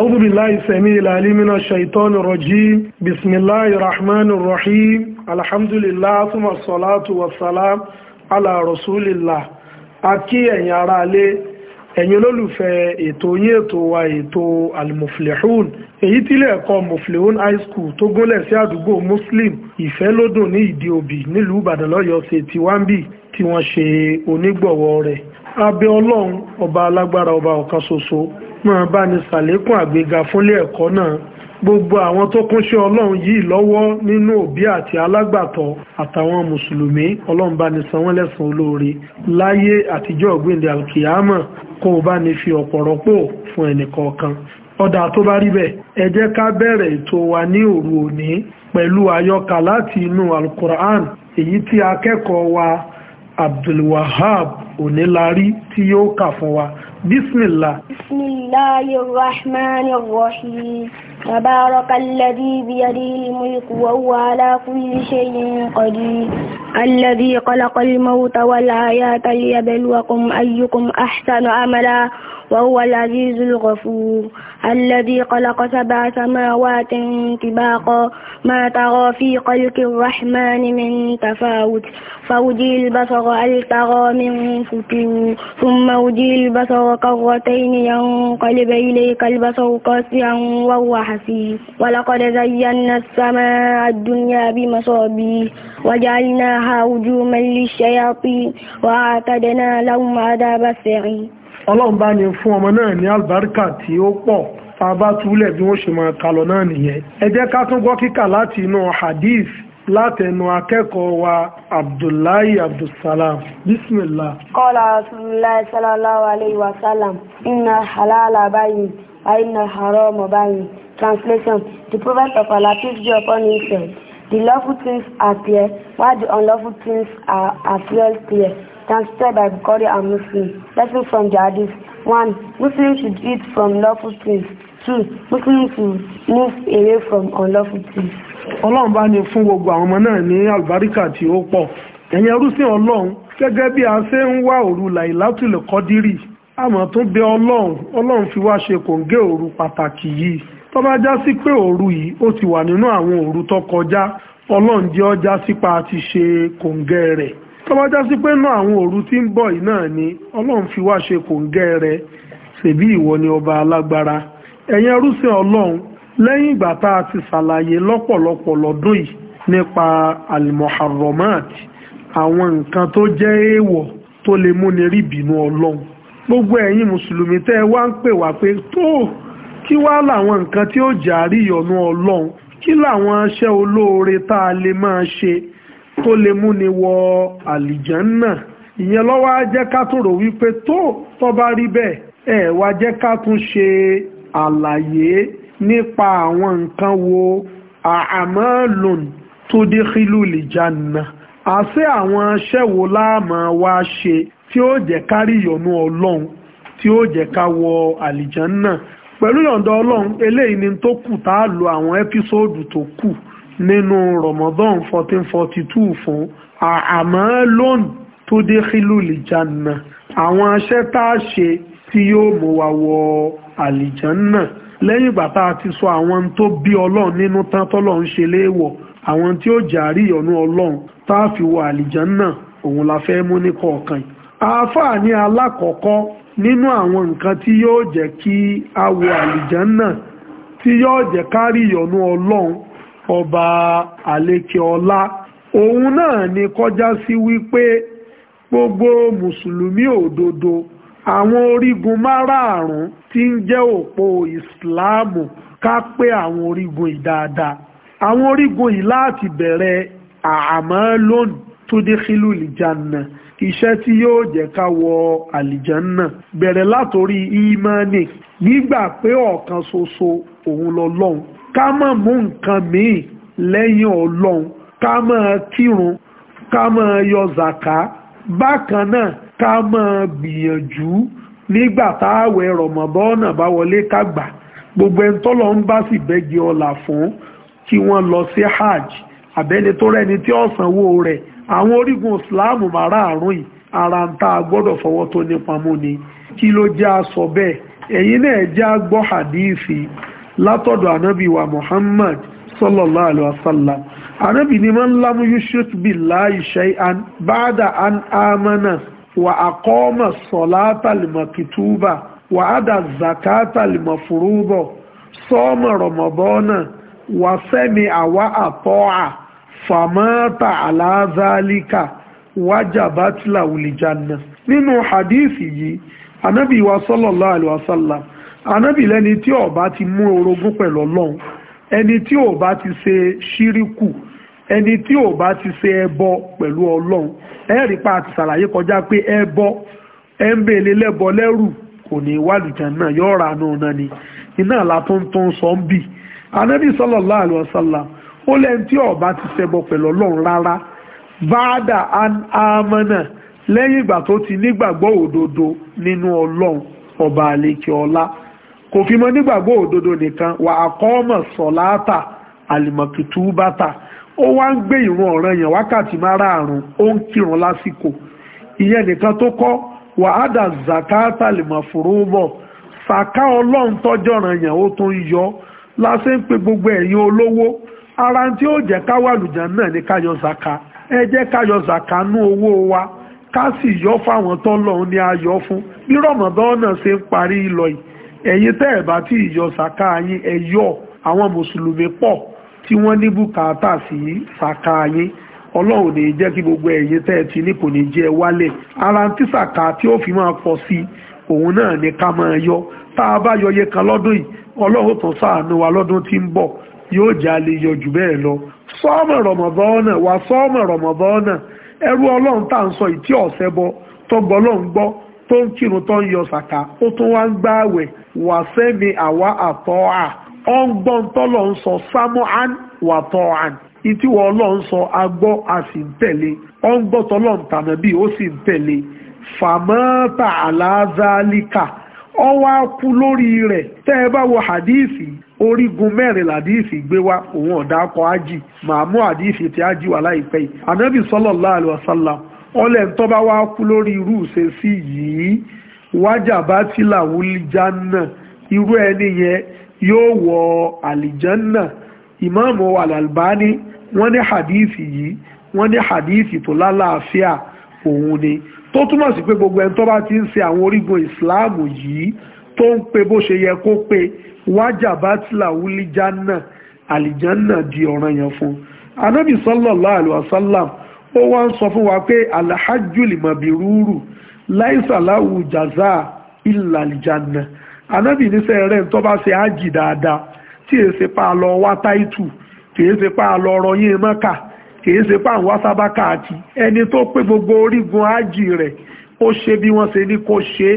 أعوذ بالله السميع العليم من الشيطان الرجيم بسم الله الرحمن الرحيم الحمد لله ثم الصلاة والسلام على رسول الله akí ẹ̀yin ará ilé ẹ̀yin olólùfẹ́ ètò yín ètò wa ètò almuflihun èyí tí ilé ẹ̀kọ́ muflihun high school tó gúnlẹ̀ sí àdúgbò muslim ìfẹ́lódùn ní ìdí òbí nílùú ìbàdàn lọ́yọ̀ọ́ ṣe tiwambi tí wọ́n ṣe onígbọ̀wọ́ rẹ̀ abẹ́ ọlọ́run ọba alágbára ọba ọ̀kan ṣoṣo máa bá ní sàlékún àgbéga fúnlé ẹ̀kọ́ náà gbogbo àwọn tó kúnṣẹ́ ọlọ́run yìí lọ́wọ́ nínú òbí àti alágbàtọ́ àtàwọn mùsùlùmí ọlọ́run bá ní san wọ́n lẹ́san olóore láyé àtijọ́ ọ̀gbìndẹ̀ alkiyama kó o bá ni fi ọ̀pọ̀ rọ́pò fún ẹnìkọ̀ọ̀kan ọ̀dà tó bá rí bẹ́ẹ̀ ẹ jẹ́ ká bẹ̀rẹ̀ ètò wa ní òru òní pẹ̀lú àyọkà láti inú alukur'an èyí tí akẹ́kọ̀ọ́ wa abdulwahab onílarí tí yóò kà fún wa bísmìlá. bísmìláyé rahmani rahim tabarakalladi biyadi ilmu ikuwa wa ala kulli shay'in qadir الذي خلق الموت والحياة ليبلوكم أيكم أحسن عملا وهو العزيز الغفور الذي خلق سبع سماوات طباقا ما ترى في خلق الرحمن من تفاوت فوجي البصر هل من فتور ثم وجي البصر كرتين ينقلب إليك البصر قاسيا وهو حسيب ولقد زينا السماء الدنيا بمصابيه وجعلناها لها هجوما للشياطين وأعتدنا لهم عذاب السعير ọlọ́run bá ní fún ọmọ náà ní àlùbáríkà tí ó pọ̀ fàbá túlẹ̀ bí wọ́n ṣe máa kalọ̀ náà nìyẹn ẹ ká tún gbọ́ kíkà láti inú hadith látẹnu akẹ́kọ̀ọ́ wa abdullahi abdulsalam bismillah. kọ́lá rasulullah sallallahu alayhi wa sallam inna halala bayin wa inna haram bayin translation the prophet of allah peace be upon him The lawful things are clear, while the unlawful things are, are fuel clear. Transferred by Bukhari and Muslim. Lesson from the Hadith. 1. Muslims should eat from lawful things. 2. Muslims should move away from unlawful things. Ọlọ́run bá ní fún gbogbo àwọn ọmọ náà ní àlùbáríkà tí ó pọ̀. Ẹ̀yin ẹrúsìn Ọlọ́run gẹ́gẹ́ bí a ṣe ń wá òru làìlátùlẹ̀ kọ́dírì. Àmọ́ tún bẹ Ọlọ́run, Ọlọ́run fi wá ṣe kòǹgẹ́ òru pàtàkì yìí tó bá já sí pé òru yìí ó ti wà nínú àwọn òru tó kọjá ọlọ́run jẹ́ ọjà sípa ti ṣe kòǹgẹ́ rẹ̀ tó bá já sí pé náà àwọn òru tí ń bọ̀ yìí náà ni ọlọ́run fi wá ṣe kòǹgẹ́ rẹ̀ ṣèbí ìwọ ni ọba alágbára ẹ̀yin ẹrúsìn ọlọ́run lẹ́yìn ìgbà tá a ti ṣàlàyé lọ́pọ̀lọpọ̀ lọ́dún yìí nípa alimoharomat àwọn nǹkan tó jẹ́ èèwọ̀ tó lè múni rí ìbínú ọlọ́run gbogbo ẹ̀yin mùsùlùmí tẹ́ ẹ wá ń pè wá pé tóo kí wá làwọn nǹkan tí ó jàrí ìyọ̀nù ọlọ́run kí làwọn aṣẹ́ olóore tá a lè máa ṣe tó lè múni wọ àlìjánná ìyẹn lọ́wọ́ á jẹ́ ká tòrò wípé tó tó bá rí bẹ́ẹ̀ ẹ̀ wá jẹ́ ká tún ṣe àlàyé nípa àwọn nǹkan wo àmọ́lùn tó dé kílù lìjánná àṣẹ àwọn aṣẹ́ wo láàmú wá ṣe tí ó jẹ́ kárí ìyọ̀nù ọlọ́run tí ó jẹ́ ká wọ àlìjánná pẹ̀lú yọ̀ǹda ọlọ́run eléyìí ni tó kù tá a lo àwọn ẹ́písòòdù tó kù nínú Ramadan fourteen forty two fún àmọ́ lónìí tó dé kílù lìjànà àwọn aṣẹ́ tá a ṣe tí yóò mú wa wọ àlìjànà lẹ́yìn ìgbà tá a ti sọ àwọn tó bí ọlọ́run nínú tán tọ́lọ́run ṣe léèwọ̀ àwọn tí ó jàrí ìyọ̀nú ọlọ́run tá a fi wọ àlìjànà òun la fẹ́ mú ní kọ̀ọ̀kan àáfàá ní alákọ̀ọ́kọ́ nínú àwọn nǹkan tí yóò jẹ́ kí a wọ àlìjánà tí yóò jẹ́ kárí ìyọ̀nú ọlọ́run ọba àlékè ọlá òun náà ni kọjá sí wípé gbogbo mùsùlùmí òdodo àwọn orígun márààrún tí ń jẹ́ òpó ìsìláàmù ká pé àwọn orígun ìdáadáa àwọn orígun yìí láti bẹ̀rẹ̀ àmọ́ lónìí tó dé kílù ìjànà iṣẹ́ tí yóò jẹ́ ká wọ àlìjánná bẹ̀rẹ̀ látòrí ìmánì nígbà pé ọ̀kan ṣoṣo òun lọ́lọ́run ká má mú nǹkan míì lẹ́yìn ọlọ́run ká má kírun ká má yọ zàká bákan náà ká má gbìyànjú nígbà táàwẹ̀ rọ̀mọ̀bọ́nà bá wọlé ká gbogbo ẹni tọ́lọ́ ń bá sì bẹ́gi ọlà fún kí wọ́n lọ sí hajj àbẹ́ni tó rẹ́ni tí ó sanwó rẹ̀ àwọn orígun islam márààrún yìí ara ń tá a gbọ́dọ̀ fọwọ́ tó nípa mú ni kí ló jẹ́ aṣọ bẹ́ẹ̀ ẹ̀yin náà jẹ́ agbọ́ hadithi látọ̀dọ̀ ànábì muhammad sallallahu alaihi wasallam ànábì ni man lam yushrik billahi shay'an ba'da an amana wa aqama salata limakituba wa ada zakata limafurubo soma ramadana wa sami'a wa ata'a fàmátà aláàzálíkà wájàbá tìlà wùlìjànà nínú hadisi yìí anábì wa sallallahu alaihi wasallam anábì lẹ́ni tí ó bá ti mú orogún pẹ̀lú ọlọ́run ẹni tí ó bá ti ṣe ṣíríkù ẹni tí ò bá ti ṣe ẹbọ pẹ̀lú ọlọ́run ẹ̀rí pa àti ṣàlàyé kọjá pé ẹbọ ẹ̀ńbẹ̀lẹ̀ lẹ́bọ lẹ́rù kò ní wàlùjá náà yóò ra àánú náà ni iná àlàtúntún sọ ń bì anábì sallallahu alaihi ó lẹ́yìn tí ọba ti ṣẹbọ pẹ̀lú ọlọ́run rárá báàdà amọ́nà lẹ́yìn ìgbà tó ti nígbàgbọ́ òdodo nínú ọlọ́run ọba àlekè ọlá kò fi mọ́ nígbàgbọ́ òdodo nìkan wà á kọ́ ọmọ sọ̀láàtà àlìmọ̀kìtù bàtà ó wá ń gbé ìrun ọ̀ràn yẹn wákàtí márààrún ó ń kírun lásìkò ìyẹn nìkan tó kọ́ wà á dà zakata lèmọ̀ fòrò bọ̀ sàká ọlọ́run tọ́jọ́ yẹn ó tún yọ lásán pé gbogbo ẹ̀yin olówó ara tí ó jẹ́ ká náà ni ká yọ zaka ẹ jẹ́ zaka nú owó wa ká sì yọ fáwọn tọ́lọ́run ní ayọ̀ fún bí rọ̀mọ̀dán náà ṣe ń parí lọ yìí ẹ̀yin tẹ́ ẹ̀ bá tí ìyọ zaka yín ẹ yọ àwọn mùsùlùmí pọ̀ tí wọ́n ní bùkátà sí zaka yín ọlọ́run ní jẹ́ kí gbogbo ẹ̀yin tẹ́ ẹ ti ní kò ní jẹ́ wálẹ̀ ara tí zaka tí ó fi máa pọ̀ sí òun náà ni ká máa yọ tá a bá yọ iye kan lọ́dún yìí ọlọ́run tó ṣàánú wa lọ́dún tí ń yóò já lè yọ jù bẹ́ẹ̀ lọ sọ́ọ̀mù rọ̀mọ̀dọ́nà wà sọ́ọ̀mù rọ̀mọ̀dọ́nà ẹrú ọlọ́run tá à ń sọ ìtí ọ̀sẹ̀ bọ tó gbọ́ ló ń gbọ́ tó ń kírun tó ń yọ sàkà ó tún wá ń gbá àwẹ̀ wà sẹ́mi àwa àtọ́ à ó ń gbọ́ ń tọ́lọ̀ ń sọ samuhan wà tọ́ àn ìtí wọ́n ọlọ́run sọ agbọ́ a sì ń tẹ̀lé ó ń gbọ́ tọ́lọ̀ ń tànà bí ó sì ń tẹ̀lé fàmọ́tà àlàázálíkà ó wá kú lórí rẹ̀ tẹ́ ẹ bá wo hadithi orígun mẹ́rin làdíìsì gbé wá òun ọ̀dà akọ ájì màmú àdíìsì tí ájì wà láìpẹ́ yìí ànábì sallallahu alaihi wasallam ọlẹ̀ ń tọ́ba wá kú lórí irú ìṣesí yìí wájà bá ti làwùlí jánà irú ẹni yẹn yóò wọ àlìjánà ìmáàmù al-Albani wọ́n ní hadithi yìí wọ́n ní hadithi tó lálàáfíà òun ni tó túmọ̀ sí pé gbogbo ẹni tó bá ti ń ṣe àwọn orígun ìsìláàmù yìí tó ń pe bó ṣe yẹ kó pe wájà bátìlà wúlíjà náà àlìjánà di ọ̀ràn yẹn fún anábì sallallahu alaihi wasallam ó wá ń sọ fún wa pé alhajjul mabruru láìsà láwù jàzá ìlà àlìjánà anábì níṣẹ́ rẹ̀ tó bá ṣe ájì dáadáa tí èé ṣe pa lọ wá táìtù tí èé ṣe pa lọ rọyìn mọ́kà tí èé ṣe pa wá sábà káàkiri ẹni tó pé gbogbo orígun ájì rẹ̀ ó ṣe bí wọ́n ṣe ní kó ṣe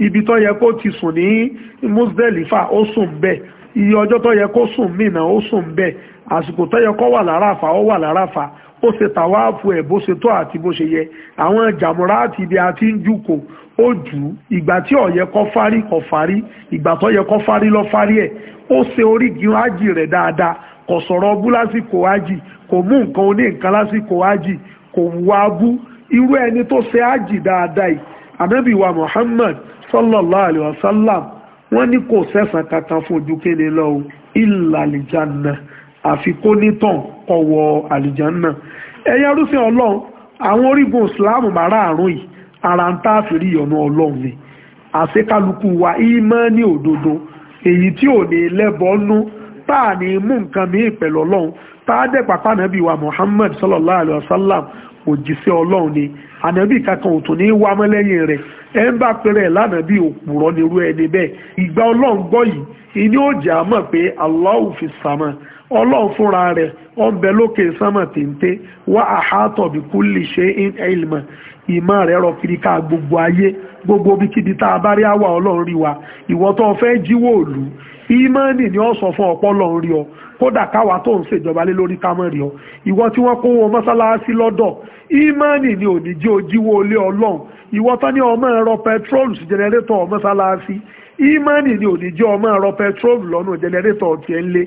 ibi tó yẹ kó ti sùn ní Muzdalifa ó sùn bẹ́ẹ̀ iye ọjọ́ tó yẹ kó sùn Mínà ó sùn bẹ́ẹ̀ àsìkò tó yẹ kó wà lárafa ó wà lárafa ó ṣe tàwáàfù ẹ̀ bó ṣe tó àti bó ṣe yẹ àwọn jàmùrá àti ibi àti ń jùkò ó jù ú ìgbà tí ó yẹ fárí kó fárí ìgbà tó yẹ kó fárí lọ fárí ẹ̀ ó ṣe orígi ájì rẹ̀ dáadáa kò sọ̀rọ̀ bú lásìkò ájì kò mú nǹkan oní nǹkan lásìkò ájì kò wá bú irú ẹni tó ṣe ájì dáadáa yìí ànábì Muhammad sallallahu alaihi wasallam wọ́n ní kò sẹ́sàn kankan fún ojú kéde lọ o ìlà àlìjánà àfi kó nítàn kọwọ àlìjánà ẹ̀yẹ rúfin ọlọ́run àwọn orígun islam márààrún yìí ara ń tá àfìrí ìyọ̀nà ọlọ́run ni àṣekálukú wa ìmọ̀ ní òdodo èyí tí ò ní lẹ́bọ̀ọ́nú tá à ní mú nǹkan mí pẹ̀lú ọlọ́run tá a dẹ̀ pàpà nàbí wa muhammad sallallahu alaihi wasallam òjíṣẹ́ ọlọ́run ni ànábì kankan otu ni ní mọ́ lẹ́yìn rẹ̀ ẹ ń bá pẹ́rẹ́ lánàá bí nírú ẹni bẹ́ẹ̀ ìgbà ọlọ́run gbọ́ yìí ìní pé Allahu fi ọlọ́run fúnra rẹ̀ ó ń bẹ lókè téńté wá rọ kiri gbogbo ayé gbogbo tá a bá rí àwa wa fẹ́ ìmánì ni ó sọ fún ọpọlọ ń rí ọ kódà káwa tó ń ṣèjọba lé lórí ká rí ọ ìwọ tí wọ́n kó wọn mọ́sálásí lọ́dọ̀ ìmánì ni òní jẹ́ ojíwó ilé ọlọ́run ìwọ tán ní ọmọ ẹ̀rọ pẹtrólù sí jẹnẹrétọ̀ mọ́sálásí ìmánì ni òní jẹ́ ọmọ ẹ̀rọ pẹtrólù lọ́nà jẹnẹrétọ̀ tiẹ̀ ń lé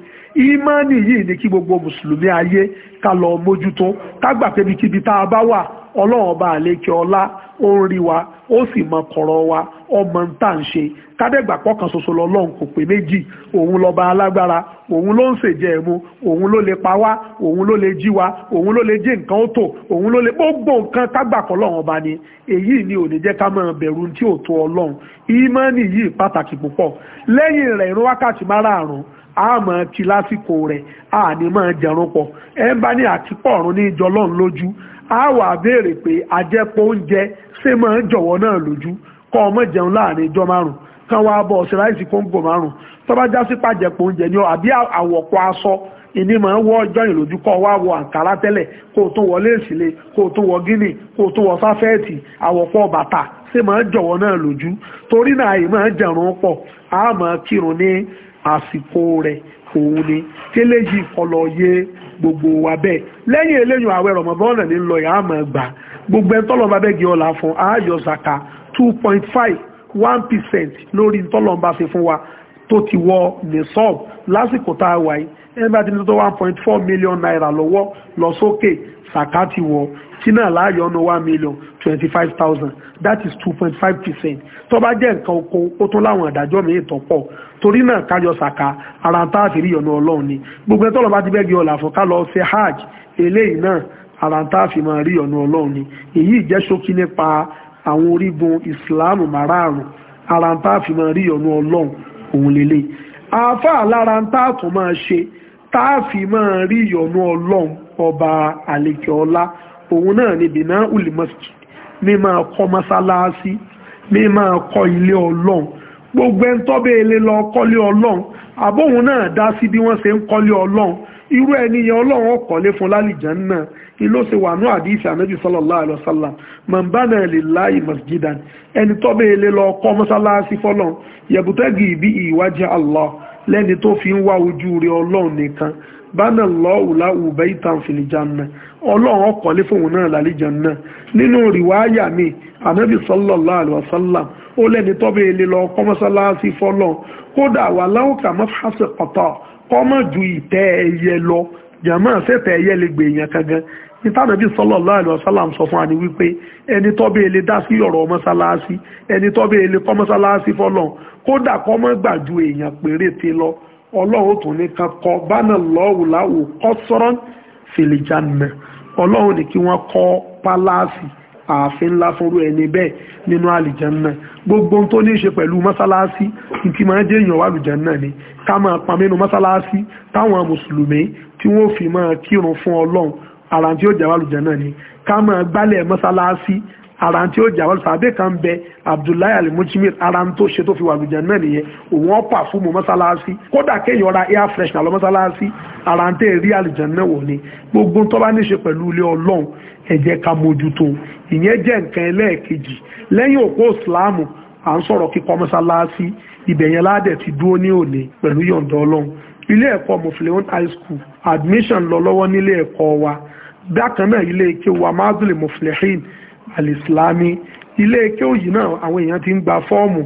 ìmánì yìí ni kí gbogbo mùsùlùmí ayé ká lọ mójútó ká gbà pébi kíbi tá a bá wà ọlọ́run ọba àlékè ọlá ó ń rí wa ó sì mọ kọ̀rọ̀ wa ọmọ ń tà ń ṣe kádẹ́gbà pọ́kàn ṣoṣo lọ́lọ́run kò pé méjì òun lọ́ba alágbára òun ló ń ṣèjẹ́ ẹ̀mu òun ló lè pa wá òun ló lè jí wa òun ló lè jí nǹkan ó tò òun ló lè gbogbo nǹkan kágbà kọ́ lọ́run ọba ni èyí ni ò ní jẹ́ ká máa bẹ̀rù tí ò tó ọlọ́run ìmánì yìí pàtàkì púpọ̀ lẹ́yìn rẹ̀ ìrun wákàtí márààrún a máa kí lásìkò rẹ̀ a ní máa jẹun pọ̀ ẹ bá ní àtìpọ̀ ọ̀run ní ìjọ lọ́run lójú a wà béèrè pé àjẹpọ̀ oúnjẹ ṣé máa jọ̀wọ́ náà lójú kọ́ ọmọ jẹun láàrin ìjọ márùn kan wá bọ̀ ọ̀sẹ̀ láìsí kóńgò márùn tó bá oúnjẹ ni àbí àwọ̀pọ̀ wọ àǹkárá tẹ́lẹ̀ kó wọ kó o wọ gíní kó o wọ sáfẹ́ẹ̀tì àwọ̀pọ̀ bàtà ṣé máa ń jọ̀wọ́ náà lójú torí náà máa ń jẹun pọ̀ a máa kírun ní àsìkò rẹ̀ òun ni kéléjì kọlọ yé gbogbo wa bẹ́ẹ̀ lẹ́yìn eléyìn àwẹ̀ rọ̀mọ̀bọ́ọ̀nà ní lọ yàá mọ̀ gbà gbogbo ẹni tọ́lọ́ba bẹ́ẹ̀ gé ọ̀la fún ayọ̀ zaka two point five one percent lórí tọ́lọ́ba ṣe fún wa tó ti wọ nisab lásìkò tá a wà yìí ẹni bá tó one million naira lọ́wọ́ lọ sókè sàká ti wọ tí náà láàyò ọ̀nà one million twenty five thousand that is two point five percent tó bá jẹ́ nǹkan oko ó tún láwọn àdájọ́ mi ìtọ̀ pọ̀ torí náà kájọ sàká ara tá a fi rí ọ̀nà ọlọ́run ni gbogbo ẹ̀tọ́ lọ́ba ti bẹ́ẹ̀ gbé ọ̀là fún ká lọ ṣe hajj eléyìí náà ara tá a máa rí ọ̀nà ọlọ́run ni èyí jẹ́ ṣókí nípa àwọn orígun ìsìláàmù márààrún ara tá a máa rí ọ̀nà ọlọ́run òun lélẹ̀ àáfàá lára ń táàtún máa ṣe táàfì máa rí ìyọ̀nú ọlọ́run ọba àlejò ọlá òun náà ni bìnà ulimọ́sì mi máa kọ́ mọ́sálásí mi máa kọ́ ilé ọlọ́run gbogbo ẹni kọ́lé ọlọ́run àbóhun náà dá sí bí wọ́n ṣe ń kọ́lé ọlọ́run irú ẹniyàn ọlọ́run ọkọ̀lé fún lálìjánná iló ṣe wà ní àdíṣẹ́ ànábì sallallahu alaihi wasallam man bana lillahi masjidan ẹni tó bẹ́ẹ̀ lé lọ kọ́ mọ́sálásí fọ́lọ́n yabtaghi bihi wajha Allah lẹ́ni tó fi ń wá ojú rí ọlọ́run nìkan bana Allahu lahu baytan fil janna ọlọ́run ọkọ̀lé fóun náà lálìjánná nínú rìwáyà mi ànábì sallallahu alaihi wasallam ó lẹ́ni tó bẹ́ẹ̀ lé lọ kọ́ kọ́mọ̀ ju ìtẹ́ ẹyẹ lọ jàmọ́ ṣètẹ́ ẹyẹ lè gbé èèyàn kan gan ìtànàbí sallallahu alaihi wasallam sọ fún àní wípé ẹni tọ́bẹ̀ èlé dá sí ọ̀rọ̀ mọ́sálásí ẹni tọ́bẹ̀ èlé kọ́ mọ́sálásí fọ́lọ̀ kódà kọ́mọ́ gbà ju èèyàn péréte lọ ọlọ́run tún ní kan bánà lọ́wù láwù kọ́sọ́rọ́n fìlìjánà ọlọ́run ní kí wọ́n kọ́ pálásì ààfin ńlá fúnrú ẹni bẹ́ẹ̀ nínú àlìjánà gbogbo tó ní í ṣe pẹ̀lú mọ́sálásí ìtì máa jẹ́ èèyàn wàlùjá náà ni ká máa pa mẹ́nu mọ́sálásí táwọn mùsùlùmí tí wọ́n fi máa kírun fún ọlọ́run ara tí ó jà wàlùjá náà ni ká máa gbálẹ̀ mọ́sálásí ara tí ó jà wàlùjá abẹ́ kan bẹ abdullahi alimujimir ara tó ṣe tó fi wàlùjá náà nìyẹn òun ọ̀pà fún mu mọ́sálásí kódà kéèyàn ra air freshener lọ mọ́sálásí ara tẹ́ rí àlùjá náà wọ̀ ni gbogbo tó bá ní pẹ̀lú ilé ọlọ́run ẹ jẹ́ mójútó ìyẹn jẹ́ nǹkan ẹlẹ́ẹ̀kejì lẹ́yìn òpó à ń sọ̀rọ̀ kíkọ́ mọ́sálásí ibẹ̀ yẹn ládẹ̀ ti dúró ní òní pẹ̀lú yọ̀ǹda ọlọ́run ilé ẹ̀kọ́ mufleon high school admission lọ lọ́wọ́ nílé ẹ̀kọ́ wa bákan náà ilé ike wa mazuli muflehin alislami ilé ike òyì náà àwọn èèyàn ti ń gba fọ́ọ̀mù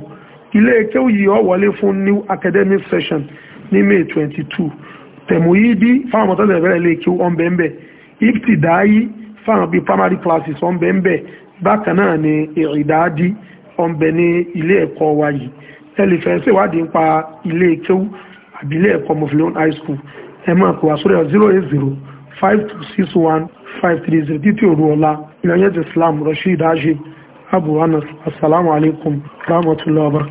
ilé ike òyì ó wọlé fún new academic session ní may twenty two tẹ̀mùyídí fáwọn ọmọ tọ́lẹ̀ bẹ̀rẹ̀ ilé ike ọ̀nbẹ̀ńbẹ̀ ìpìtìdáyí fáwọn bíi primary classes ọ̀nbẹ̀ńbẹ̀ bákan náà ni ìrìdáàdí ọ̀nbẹ ní ilé ẹ̀kọ́ wa yìí ẹ lè fẹ́ ṣèwádìí nípa ilé kéwú àbí ilé ẹ̀kọ́ mọ̀fìlẹ́wọ̀n high school ẹ máa pè sórí ẹ̀ zero zero five two six one five three zero títí òru ọ̀la ìlànà islam rashid ajib abu anas asalaamualeykum rahmatulah wa barakatuh.